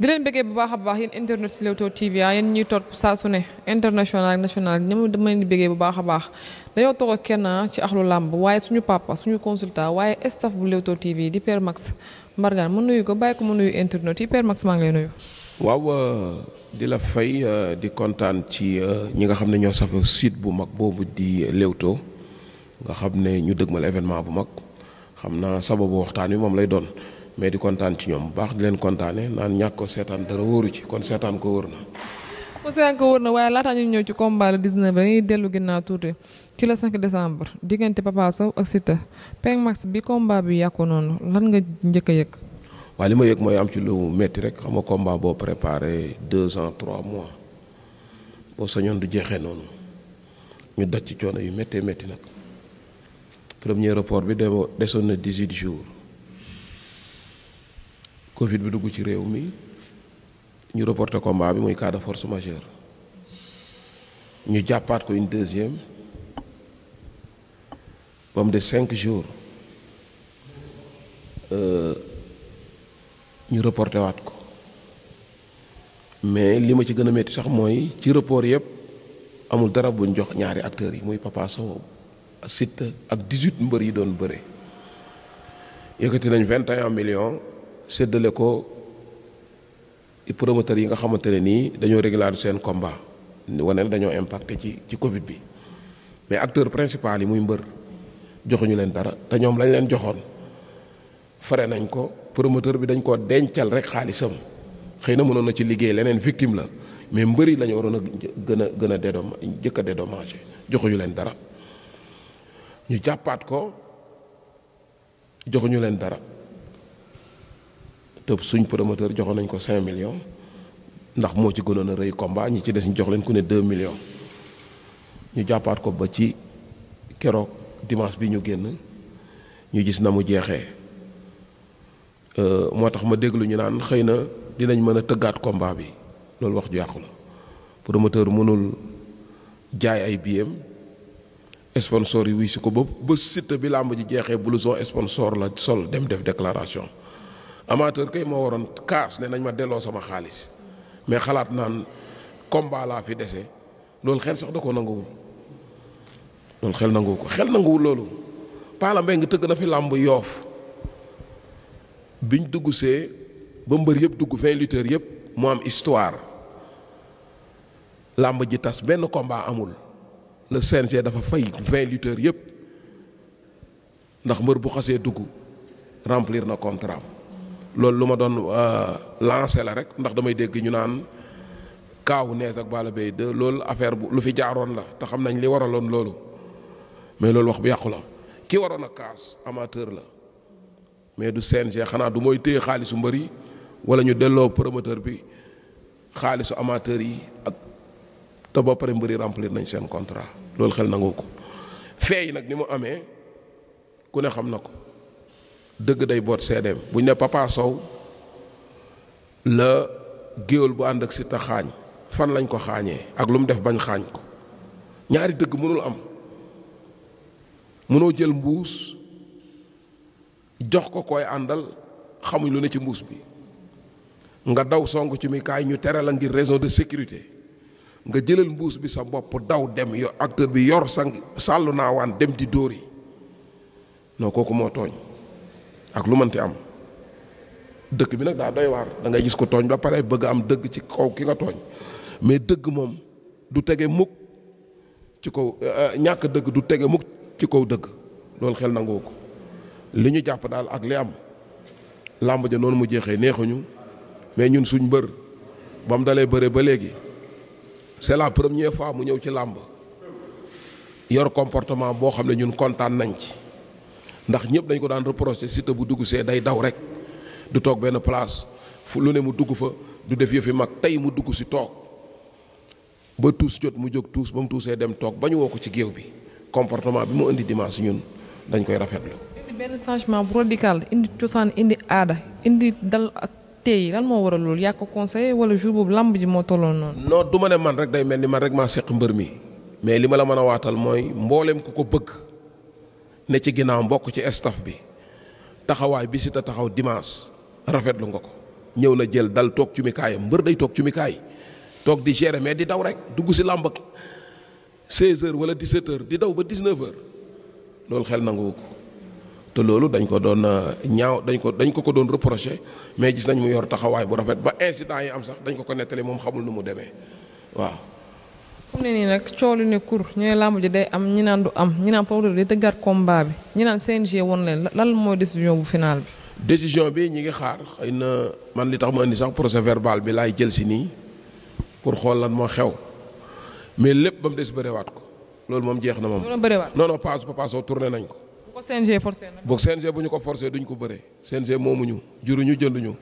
di leen bëggee bu baax a baax yéen internet ci Leewtoo TV ah yéen ñuy topp saa su ne international national ñoom dama leen di bëggee bu baax a baax dañoo toog ak kenn ci axlu làmb waaye suñu papa suñu consultant waaye staff bu Leewtoo TV di Père Max Mbargane mu nuyu ko bàyyi ko mu nuyu internet yi Père maa ngi lay nuyu. waaw euh, di la fay euh, di kontaan ci euh, ñi nga xam ne ñoo safa site bu mag boobu di Leewtoo nga xam ne ñu dëgmal événement bu mag xam naa sababu waxtaan wi moom lay doon. mais di kontaan ci ñoom bu baax di leen kontaane naan ñàkk ko seetaan dara wóoru ci kon seetaan ko wóor na. kon seetaan ko wóor na waaye laataa ñu ñëw ci combat le 19 dañuy dellu ginnaaw tuuti ci le 5 décembre diggante Papa Sow ak Siteu Peng Max bi combat bi yàqu noonu lan nga njëkk a yëg. waaw li ma yëg mooy am ci lu métti rek xam nga combat boo préparé deux ans trois mois boo sañoon du jeexee noonu ñu daj ci coono yu méttee métti nag premier report bi demoon desoon na dix-huit jours. Covid bi dugg ci réew mi ñu reporté combat bi muy cas de force majeure ñu jàppaat ko une deuxième ba mu des cinq jours euh, ñu reporté waat ko mais li ma ci gën a métti sax mooy ci report yëpp amul dara buñ jox ñaari acteurs yi muy Papa Sow Siteu ak 18 mbër yi doon bëre yëkkati nañ 21 millions. séddale ko promoteurs yi nga xamante ne nii dañoo régler seen combat wane dañoo impacté ci ci Covid bi mais acteur principal yi muy mbër joxuñu leen dara te ñoom lañ leen joxoon fare nañ ko promoteur bi dañ koo dencal rek xaalisam xëy na mënoon na ci liggéey leneen victime la mais mbër yi lañu waroon a gën a gën a dédom jëkk a joxuñu leen dara ñu jàppaat ko joxuñu leen dara te suñ promoteur joxoon nañ ko cin millions ndax moo ci gënoon a rëy combat ñi ci des ñu jox leen ku ne 2 millions ñu jàppaat ko ba ci keroog dimanche bi ñu génn ñu gis na mu jeexee euh, moo tax ma déglu ñu naan xëy na dinañ mën a tëggaat combat bi loolu wax ju yàqu la promoteur mënul jaay ay billets sponsor yi wuy si ko ba ba site bi làmb ji jeexee blouson sponsor la sol dem def déclaration. amateur kay moo waroon kaas ne nañ ma delloo sama xaalis mais xalaat naan combat fi dese loolu xel sax da koo nanguwul xel nanguwu ko xel nanguwul loolu Pala Mbengue tëgg na fi làmb yoof biñ dugg see ba mbër yëpp dugg vingt lutteurs yëpp mu am histoire làmb ji tas benn combat amul le CNG dafa fay vingt lutteurs yëpp ndax mbër bu xasee dugg remplir na contrat loolu lu ma doon euh, lancé la rek ndax damay dégg ñu naan kaawu nees ak Balla Gaye 2 loolu affaire bu lu fi jaaroon la te xam nañ li waraloon loolu mais loolu wax bu yàqu la ki waroon a kaas amateur la mais du CNG xanaa du mooy téye xaalisu mbër yi wala ñu delloo promoteur bi xaalisu amateur yi ak te ba pare mbëri yi nañ seen contrat loolu xel nangu ko feey nag ni mu amee ku ne xam na ko dëgg day boot seedeem bu ñu ne Papa Sow la géwél bu ànd ak Siteu xaañ fan lañ ko xaañee ak lu mu def bañ xaañ ko ñaari dëgg mënul am mënoo jël mbuus jox ko koy àndal xamuñ lu ne ci mbuus bi nga daw song ci mi kaay ñu tere la ngir raison de sécurité nga jëlal mbuus bi sa bopp daw dem yo acteur bi yor sang sàllu naawaan dem di dóori noo kooku moo tooñ ak lu mënti am dëkk bi nag daa doy waar da ngay gis ko tooñ ba pare bëgg am dëgg ci kaw ki nga tooñ mais dëgg moom du tege mukk ci kaw euh, euh, ñàkk dëgg du tege mukk ci kaw dëgg loolu xel nangoo ko li ñu jàpp daal ak li am làmb ja noonu mu jeexee neexuñu mais ñun suñ mbër ba mu dalee bëre ba léegi c'est la première fois mu ñëw ci làmb yor comportement boo xam ne ñun kontaan nañ ci ndax ñëpp dañ ko daan reproché Siteu bu dugg see day daw rek du toog benn place fu lu ne mu dugg fa du def yëfi mag tey mu dugg si toog ba tuus jot mu jóg tuus ba mu tuusee dem toog ba ñu woo ko ci géew bi comportement bi mu indi dimanche ñun dañ koy rafetlu. indi benn changement bu radical indi cosaan indi aada indi dal ak tey lan moo waral loolu yaa ko conseillé wala jour boobu lamb ji moo tolloon noonu. non du ma ne man rek day mel ni man rek maa seq mbër mi mais li ma la mën a waatal mooy mboolem ku ko bëgg. ne ci ginnaaw mbokk ci staff bi taxawaay bi Siteu taxaw dimanche rafetlu nga ko ñëw na jël dal toog ci mikaayam mbër day toog ci mikaay toog di gérer mais di daw rek dugg si làmb ak 16h wala 17h di daw ba 19h loolu xel nanguwu ko te loolu dañ ko doon euh, ñaaw dañ ko dañ ko ko doon reproché mais gis nañ mu yor taxawaay bu rafet ba incident yi am sax dañ ko ko nettali moom xamul nu mu demee waaw. mu ne nii nag coolu ne kur ñu ne làmb day am ñi naan du am ñi naan promoteur day tëggaat combat bi ñi naan CNG woon leen lan mooy décision bu final bi. décision bi ñi ngi xaar xëy na man li tax ma indi sax procès verbal bi laay jël si nii pour xool lan moo xew mais lépp ba mu des bëriwaat ko loolu moom jeex na moom. non non pas pas soo tourné nañ ko. bu ko CNG forcé nag. bu bu ñu ko forcé duñ ko bëree CNG moomuñu juruñu jënduñu.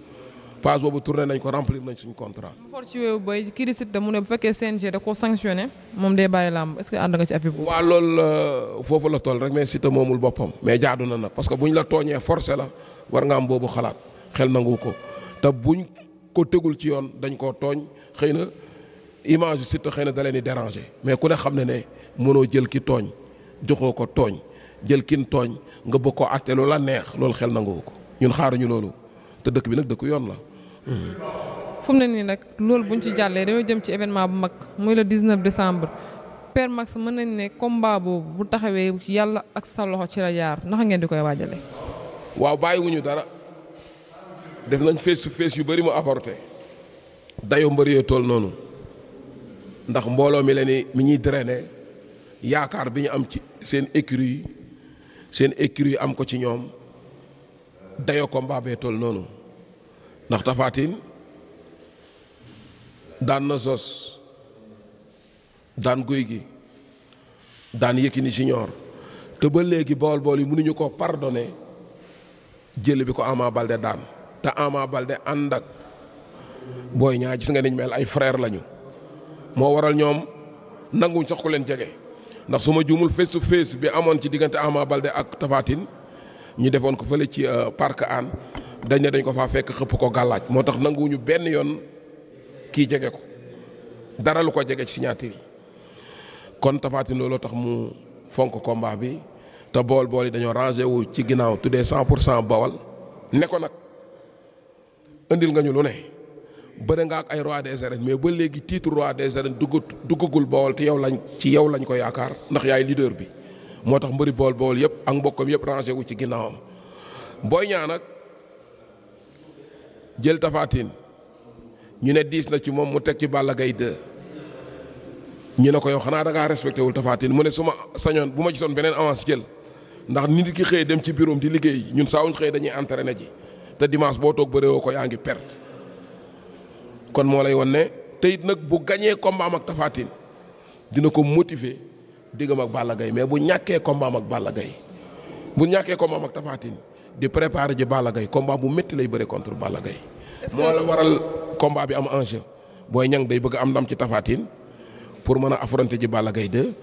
passe boobu tourné nañ ko remplir nañ suñ contrat. for ci wéewu bay kii di mu ne bu fekkee CNG da koo sanctionné moom day bàyyi làmb est-ce que ànd nga ci affaire boobu. waaw loolu euh, foofu la toll rek mais Siteu moomul boppam mais jaadu na nag parce que ñu la tooñee forcé la war nga am boobu xalaat xel nangu ko te buñ ko tegul ci yoon dañ koo tooñ xëy na image Siteu xëy na da leen di déranger mais ku ne xam ne ne mënoo jël ki tooñ joxoo ko tooñ jël kin tooñ nga bëgg ko àtte lu neex loolu xel nangu ko ñun xaaruñu loolu. te dëkk bi nag dëkk yoon la. fu ne nii nag loolu buñ ci jàllee dañoo jëm ci événement bu mag muy le 19 décembre. Père Max mën nañ ne combat boobu bu taxawee yàlla ak sa loxo ci la jaar naka ngeen di koy waajale waaw bàyyiwuñu dara def nañ face to face yu bëri mu apporté dayo mbëri tool noonu ndax mbooloo mi la ni mi ñuy drainer yaakaar bi ñu am ci seen écurie yi seen écurie yi am ko ci ñoom dayoo combat bee toll noonu ndax Tapha daan na sos daan guy gi daan Yékini Junior te ba léegi bool bool yi mënuñu ko pardonné jël bi ko Ama Baldé daan te Ama Baldé ànd ak booy ñaa gis nga niñ mel ay frère lañu moo waral ñoom nanguñ sax ku leen jege ndax su ma juumul face to face bi amoon ci diggante Ama Baldé ak Tapha ñu defoon ko fële ci euh, parc Hann dañ ne dañ ko faa fekk xëpp ko gàllaaj moo tax ñu benn yoon kii jege ko dara lu ko jege ci signature yi kon Tapha Tine looloo tax mu fonk combat bi te bool bool yi dañoo rangé wu ci ginnaaw de cent pour cent bawal ne ko nag indil nga ñu lu ne bëre nga ak ay roi des arènes mais ba léegi titre roi des arènes dugg duggagul bawal te yow lañ ci yow lañ ko yaakaar ndax yaay leader bi moo tax mbëri bool bool yëpp ak mbokkam yëpp rangé wu ci ginnaawam booy ñaa nag jël tafaatin ñu ne diis na ci moom mu teg ci Balla Gaye 2 ñu ne ko yow xanaa da ngaa respecté wul Tapha Tine mu ne su ma sañoon bu ma jisoon beneen avance jël ndax nit ki xëy dem ci biroom di liggéey ñun saawuñ xëy dañuy na ji te dimanche boo toog bëree woo ko yaa ngi perte kon moo lay won ne te nag bu gañee combat ak Tapha dina ko motiver. diggam ak Balla Gaye mais bu ñàkkee combat ak Balla Gaye bu ñàkkee combat ak Tapha di préparer ji Balla Gaye combat bu métti lay bëre contre Balla Gaye moo la waral combat bi am enjeu booy Niang day bëgg am ndam ci Tapha pour mën a affronter ji Balla Gaye 2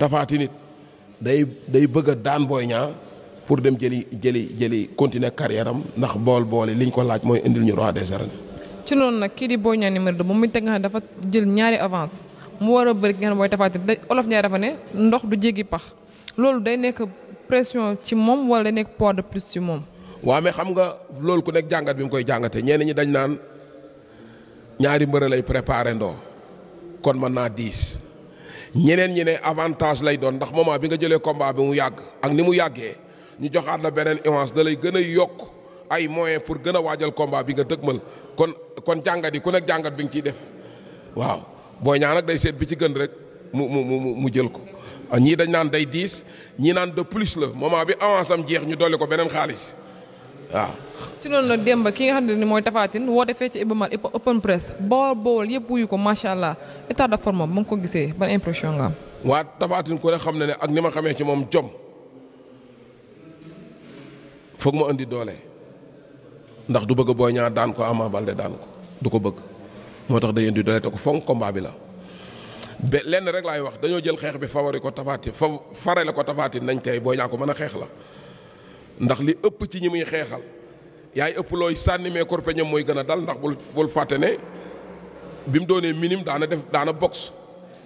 Tapha Tine day day bëgg a daan Boy Niang pour dem jëli jëli jëli continuer carrière am ndax bool bool yi liñ ko laaj mooy indil ñu roi des arènes. ci loolu nag kii di Boy Niang moom mi teg nga xam dafa jël ñaari avance. mu war a bëri ki nga xam mooy Tapha Tine day olof ñaay dafa ne ndox du jéggi pax loolu day nekk pression ci moom wala day nekk poids de plus ci moom. waa mais xam nga loolu ku nekk jàngat bi mu koy jàngatee ñenn ñi dañ naan ñaari mbër lay préparé ndoo kon mën naa diis ñeneen ñi ne avantage lay doon ndax moment bi nga jëlee combat bi mu yàgg ak ni mu yàggee ñu joxaat na beneen avance da lay gën a yokk ay moyens pour gën a waajal combat bi nga dëgmal kon kon jàngat yi ku nekk jàngat bi nga ciy def waaw. booy ñaa nag day seet bi ci gën rek mu mu mu mu jël ko ah, ñii dañ naan day diis ñii naan de plus la moment bi avance jeex ñu dolli ko beneen xaalis waaw. ci loolu nag démb ki nga xam ne mooy Tapha Tine woote fee ci Ibamar open press bool bool yëpp wuyu ko macha allah état de forme am mu ngi ko gisee ban impression nga am. waa Tapha Tine ku ne xam na ne ak ni ma xamee ci moom jom foog ma indi doole ndax du bëgg booy ñaa daan ko Ama Baldé daan ko du ko bëgg. moo tax day indi doole te ko fonk combat bi la. ba lenn rek laay wax dañoo jël xeex bi favori ko tafaati fa fare ko tafaati nañ tey booy ñaa ko mën a xeex la ndax li ëpp ci ñi muy xeexal yaay ëpp looy sànni mais korpe ñoom mooy gën a dal ndax bul bul fàtte ne bi mu doonee minime daana def daana box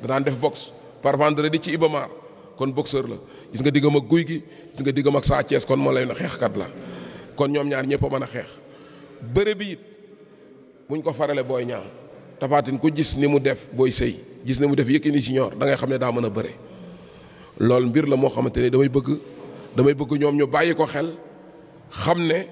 danaan def box par vendredi di ci Ibamar kon boxeur la gis nga diggam ak guy gi gis nga diggam ak Sa kon moo lay na kat la kon ñoom ñaar ñëpp mën a xeex bëre bi it buñ ko farale booy ñaa tafaatin ko gis ni mu def booy sëy gis ni mu def Yékini junior da ngay xam ne daa mën a bëre loolu mbir la moo xamante ne damay bëgg damay bëgg ñoom ñu bàyyi ko xel xam ne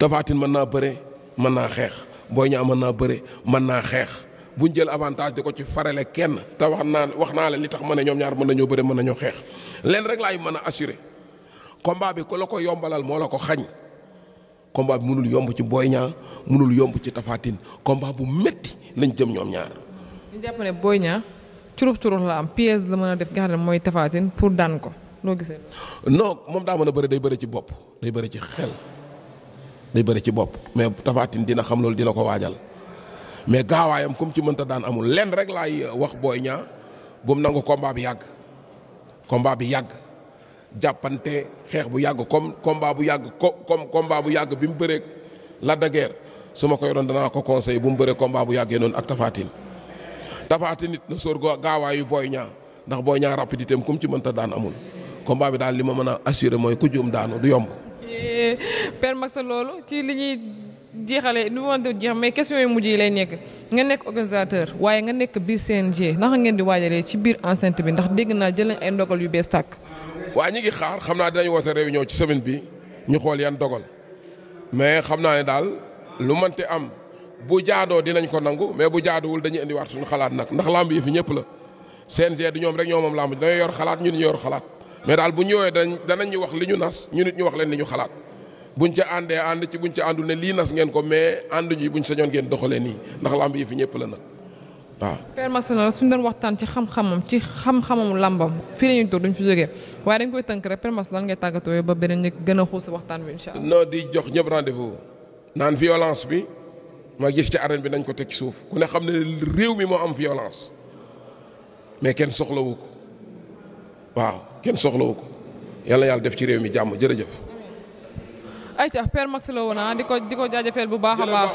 tafaatin mën naa bëre mën naa xeex booy ñaa mën naa bëre mën naa xeex buñ jël avantage di ko ci farale kenn te wax naa wax naa leen li tax mën ne ñoom ñaar mën nañoo bëre mën nañoo xeex leen rek laay mën a assurer combat bi ko la ko yombalal moo la ko xañ combat bi mënul yomb ci booy Niang mënul yomb ci Tapha Tine combat bu métti lañ jëm ñoom ñaar. ñu jàpp ne ñaa Niang curux curux la am pièce la mën a def nga ne mooy Tapha Tine pour daan ko loo gisee. non moom daa mën a bëri day bëri ci bopp day bëri ci xel day bëri ci bopp mais Tapha Tine dina xam loolu dina ko waajal mais gaawaayam comme ci mënta daan amul lenn rek laay wax Boy Niang bu mu nangu combat bi yàgg combat bi yàgg. jàppante xeex bu yàgg comme combat bu yàgg comme combat bu yàgg bi mu bëree la de su ma koy doon danaa ko conseil bu mu bëree combat bu yàggee noonu ak Tapha Tine Tapha Tine nit na sóor gaawaayu booy ñaa ndax Boy Niang rapidité comme ci mënta daan amul combat bi daal li ma mën a assuré mooy ku juum daanu du yomb. Père Max loolu ci li ñuy jeexale nu ma jeex mais question yu mujj yi lay nekk nga nekk organisateur waaye nga nekk biir CNG naka ngeen di waajalee ci biir enceinte bi ndax dégg naa jël nañ ay bees tàkk. waa ñu ngi xaar xam naa dinañ woote réunion ci semaine bi ñu xool yan dogal mais xam naa ne daal lu mënti am bu jaadoo dinañ ko nangu mais bu jaaduwul dañuy indiwaat suñu xalaat nag ndax làmb yi fi ñëpp la CNG du ñoom rek ñoo moom làmb dañoo yor xalaat ñu ñun ñu yor xalaat mais daal bu ñëwee danañ danañ ñu wax li ñu nas ñu nit ñu wax leen li ñu xalaat buñ ci àndee ànd ci buñ ci àndul ne lii nas ngeen ko mais ànduñu buñ sañoon geen doxalee nii ndax làmb yi fi ñëpp la nag. waaw. Père Maxime suñu waxtaan ci xam-xamam ci xam-xamamu làmbam fii la toog duñ fi jógee waaye dañ koy tënk rek Père Maxime lan ngay tàggatoo ba beneen ñu gën a xuus waxtaan bi incha allah. di jox ñëpp rendez naan violence bi ma gis ci arène bi dañ ko teg ci suuf ku ne xam ne réew mi moo am violence mais kenn soxlawu ko waaw kenn soxlawu ko yàlla yàlla def ci réew mi jàmm jërëjëf. ayca Père Max la woon di ko di ko jaajëfeel bu baax